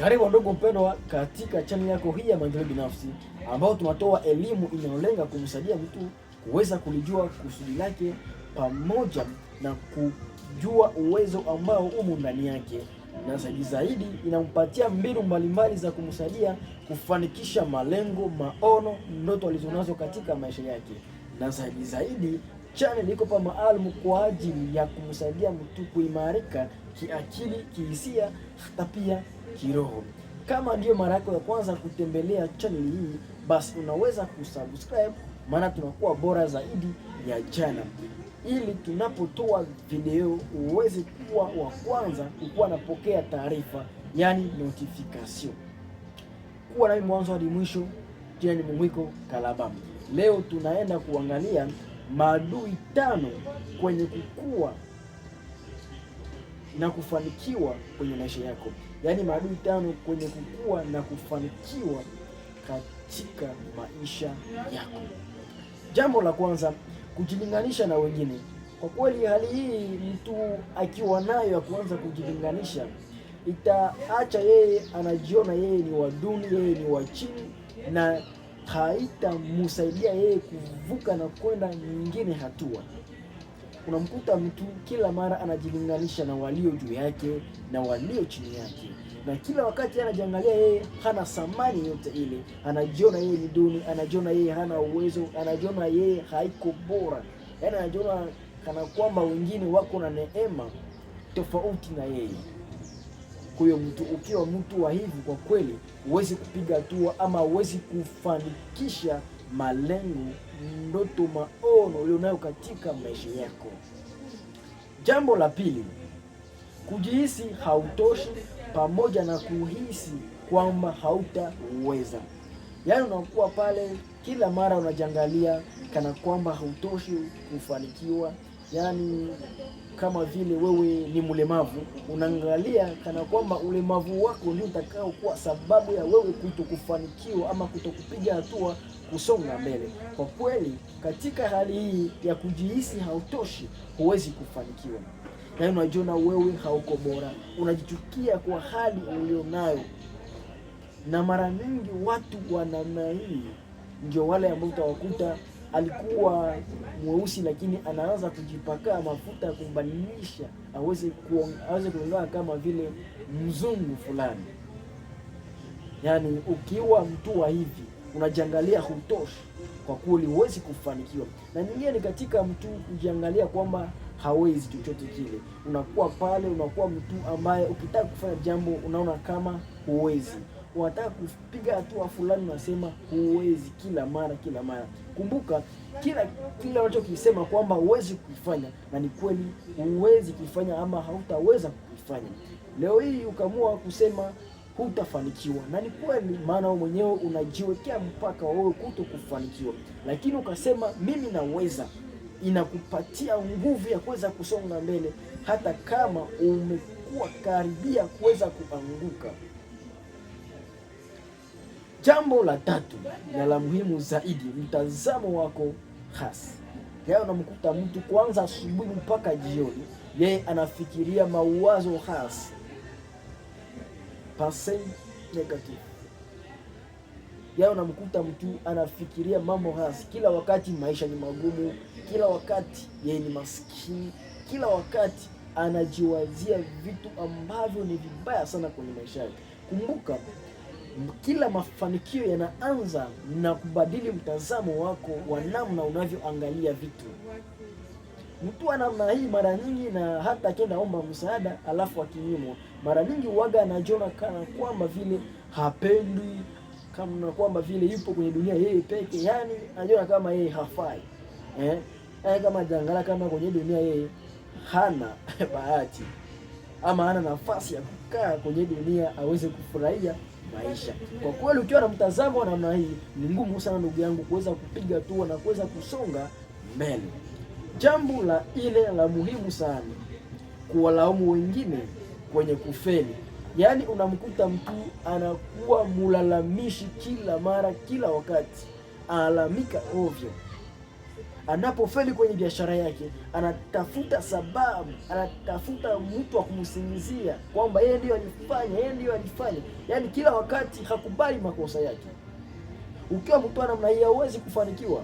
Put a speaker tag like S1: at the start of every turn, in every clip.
S1: Karibu ndugu mpendwa, katika chani yako hii ya maendeleo binafsi, ambao tunatoa elimu inayolenga kumsaidia mtu kuweza kulijua kusudi lake pamoja na kujua uwezo ambao umo ndani yake, na zaidi zaidi inampatia mbinu mbalimbali za kumsaidia kufanikisha malengo, maono, ndoto alizonazo katika maisha yake, na zaidi zaidi channel iko pa maalum kwa ajili ya kumsaidia mtu kuimarika kiakili, kihisia, hata pia kiroho. Kama ndiyo mara yako ya kwanza kutembelea channel hii, basi unaweza kusubscribe, maana tunakuwa bora zaidi ya jana, ili tunapotoa video uweze kuwa wa kwanza kukuwa napokea taarifa, yani notification. Kuwa nami mwanzo hadi mwisho. Jina ni mwiko Kalaba. Leo tunaenda kuangalia maadui tano kwenye kukua na kufanikiwa kwenye maisha yako, yaani maadui tano kwenye kukua na kufanikiwa katika maisha yako. Jambo la kwanza, kujilinganisha na wengine. Kwa kweli, hali hii mtu akiwa nayo ya kuanza kujilinganisha, itaacha yeye anajiona yeye ni wa duni, yeye ni wa chini na haitamsaidia yeye kuvuka na kwenda nyingine hatua. Unamkuta mtu kila mara anajilinganisha na walio juu yake na walio chini yake, na kila wakati anajiangalia yeye hana thamani yote ile, anajiona yeye ni duni, anajiona yeye hana uwezo, anajiona yeye haiko bora, yaani anajiona kana kwamba wengine wako na neema tofauti na yeye. Kwa hiyo mtu ukiwa mtu wa hivi, kwa kweli huwezi kupiga hatua ama huwezi kufanikisha malengo, ndoto, maono ulionayo katika maisha yako. Jambo la pili, kujihisi hautoshi pamoja na kuhisi kwamba hautaweza. Yaani unakuwa pale kila mara unajiangalia kana kwamba hautoshi kufanikiwa yani kama vile wewe ni mlemavu, unaangalia kana kwamba ulemavu wako ndio utakao kuwa sababu ya wewe kutokufanikiwa ama kutokupiga hatua kusonga mbele. Kwa kweli, katika hali hii ya kujihisi hautoshi, huwezi kufanikiwa, yaani, na unajiona wewe hauko bora, unajichukia kwa hali ulionayo. Na mara nyingi watu wa namna hii ndio wale ambao utawakuta alikuwa mweusi, lakini anaanza kujipaka mafuta ya kumbadilisha aweze kuongea kama vile mzungu fulani. Yaani, ukiwa mtu wa hivi unajiangalia, hutoshi kwa kweli, huwezi kufanikiwa. Na nyingine ni katika mtu kujiangalia kwamba hawezi chochote kile, unakuwa pale, unakuwa mtu ambaye ukitaka kufanya jambo unaona kama huwezi wataka kupiga hatua fulani, wasema huwezi kila mara kila mara. Kumbuka kila kile unachokisema kwamba huwezi kuifanya na ni kweli huwezi kuifanya ama hautaweza kuifanya Leo hii ukaamua kusema hutafanikiwa, na ni kweli, maana wewe mwenyewe unajiwekea mpaka wewe kuto kufanikiwa, lakini ukasema mimi naweza inakupatia nguvu ya kuweza kusonga mbele hata kama umekuwa karibia kuweza kuanguka. Jambo la tatu na la muhimu zaidi, mtazamo wako hasi. Leo namkuta mtu kwanza asubuhi mpaka jioni, yeye anafikiria mawazo hasi pasen negative. Leo namkuta mtu anafikiria mambo hasi kila wakati, maisha ni magumu, kila wakati yeye ni maskini, kila wakati anajiwazia vitu ambavyo ni vibaya sana kwenye maisha yake. Kumbuka kila mafanikio yanaanza na kubadili mtazamo wako wa namna unavyoangalia vitu. Mtu wa namna hii mara nyingi, na hata akienda omba msaada alafu akinyimwa, mara nyingi waga anajiona kana kwamba vile hapendwi, kama kwamba vile yupo kwenye dunia yeye peke, yani anajiona kama yeye hafai eh? Eh, kama jangala, kama kwenye dunia yeye hana bahati ama hana nafasi ya kukaa kwenye dunia aweze kufurahia maisha. Kwa kweli, ukiwa na mtazamo wa namna hii, ni ngumu sana ndugu yangu kuweza kupiga hatua na kuweza kusonga mbele. Jambo la ile la muhimu sana, kuwalaumu wengine kwenye kufeli. Yaani unamkuta mtu anakuwa mulalamishi kila mara, kila wakati, alalamika ovyo. Anapofeli kwenye biashara yake, anatafuta sababu, anatafuta mtu wa kumsingizia kwamba yeye ndiyo alifanya, yeye ndiyo alifanya. Yaani kila wakati hakubali makosa yake. Ukiwa mtu namna hii, huwezi kufanikiwa,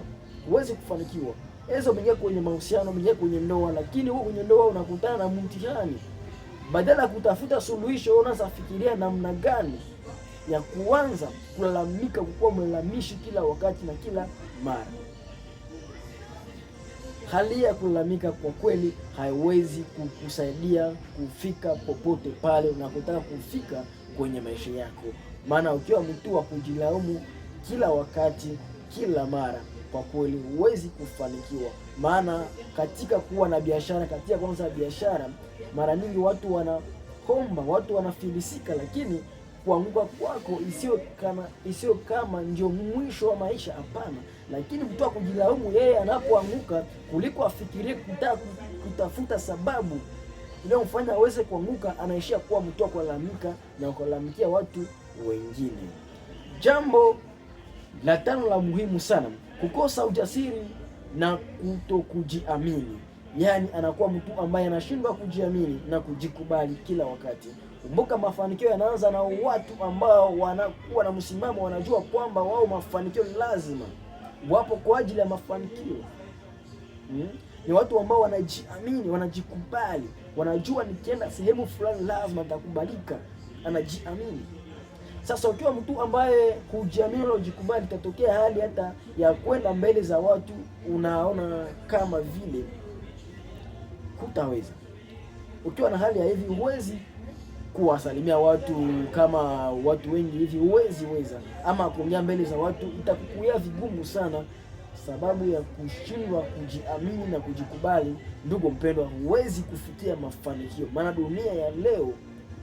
S1: huwezi kufanikiwa. Hizo umeingia kwenye mahusiano, umeingia kwenye ndoa, lakini wewe kwenye ndoa unakutana na mtihani. Badala ya kutafuta suluhisho, unaanza unazafikiria namna gani ya kuanza kulalamika, kukuwa mlalamishi kila wakati na kila mara hali ya kulalamika kwa kweli haiwezi kukusaidia kufika popote pale unakotaka kufika kwenye maisha yako, maana ukiwa mtu wa kujilaumu kila wakati, kila mara, kwa kweli huwezi kufanikiwa. Maana katika kuwa na biashara, katika kwanza biashara, mara nyingi watu wanaomba, watu wanafilisika, lakini kuanguka kwako isiyo kama isiyo kama ndio mwisho wa maisha. Hapana, lakini mtu akujilaumu yeye anapoanguka kuliko afikirie kuta, kutafuta sababu inayomfanya aweze kuanguka, anaishia kuwa mtu wa kulalamika na kulalamikia watu wengine. Jambo la tano la muhimu sana, kukosa ujasiri na kutokujiamini, yaani anakuwa mtu ambaye anashindwa kujiamini na kujikubali kila wakati. Kumbuka, mafanikio yanaanza na watu ambao wanakuwa na msimamo, wanajua kwamba wao mafanikio lazima wapo kwa ajili ya mafanikio hmm? Ni watu ambao wanajiamini, wanajikubali, wanajua nikienda sehemu fulani lazima nitakubalika, anajiamini. Sasa ukiwa mtu ambaye hujiamini na hujikubali, itatokea hali hata ya kwenda mbele za watu, unaona kama vile hutaweza. Ukiwa na hali ya hivi huwezi kuwasalimia watu kama watu wengi hivi huwezi weza, ama kuongea mbele za watu itakukuya vigumu sana, sababu ya kushindwa kujiamini na kujikubali. Ndugu mpendwa, huwezi kufikia mafanikio, maana dunia ya leo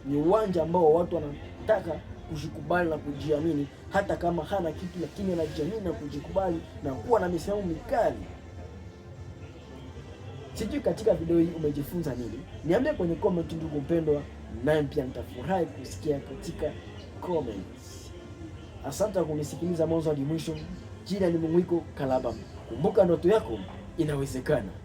S1: ni uwanja ambao watu wanataka kujikubali na kujiamini, hata kama hana kitu, lakini anajiamini na kujikubali na kuwa na misimamo mikali. Sijui katika video hii umejifunza nini? Niambie kwenye comment, ndugu mpendwa naye pia nitafurahi kusikia katika comments. Asante kwa kunisikiliza mwanzo hadi mwisho. Jina ni Munguiko Kalaba. Kumbuka ndoto yako inawezekana.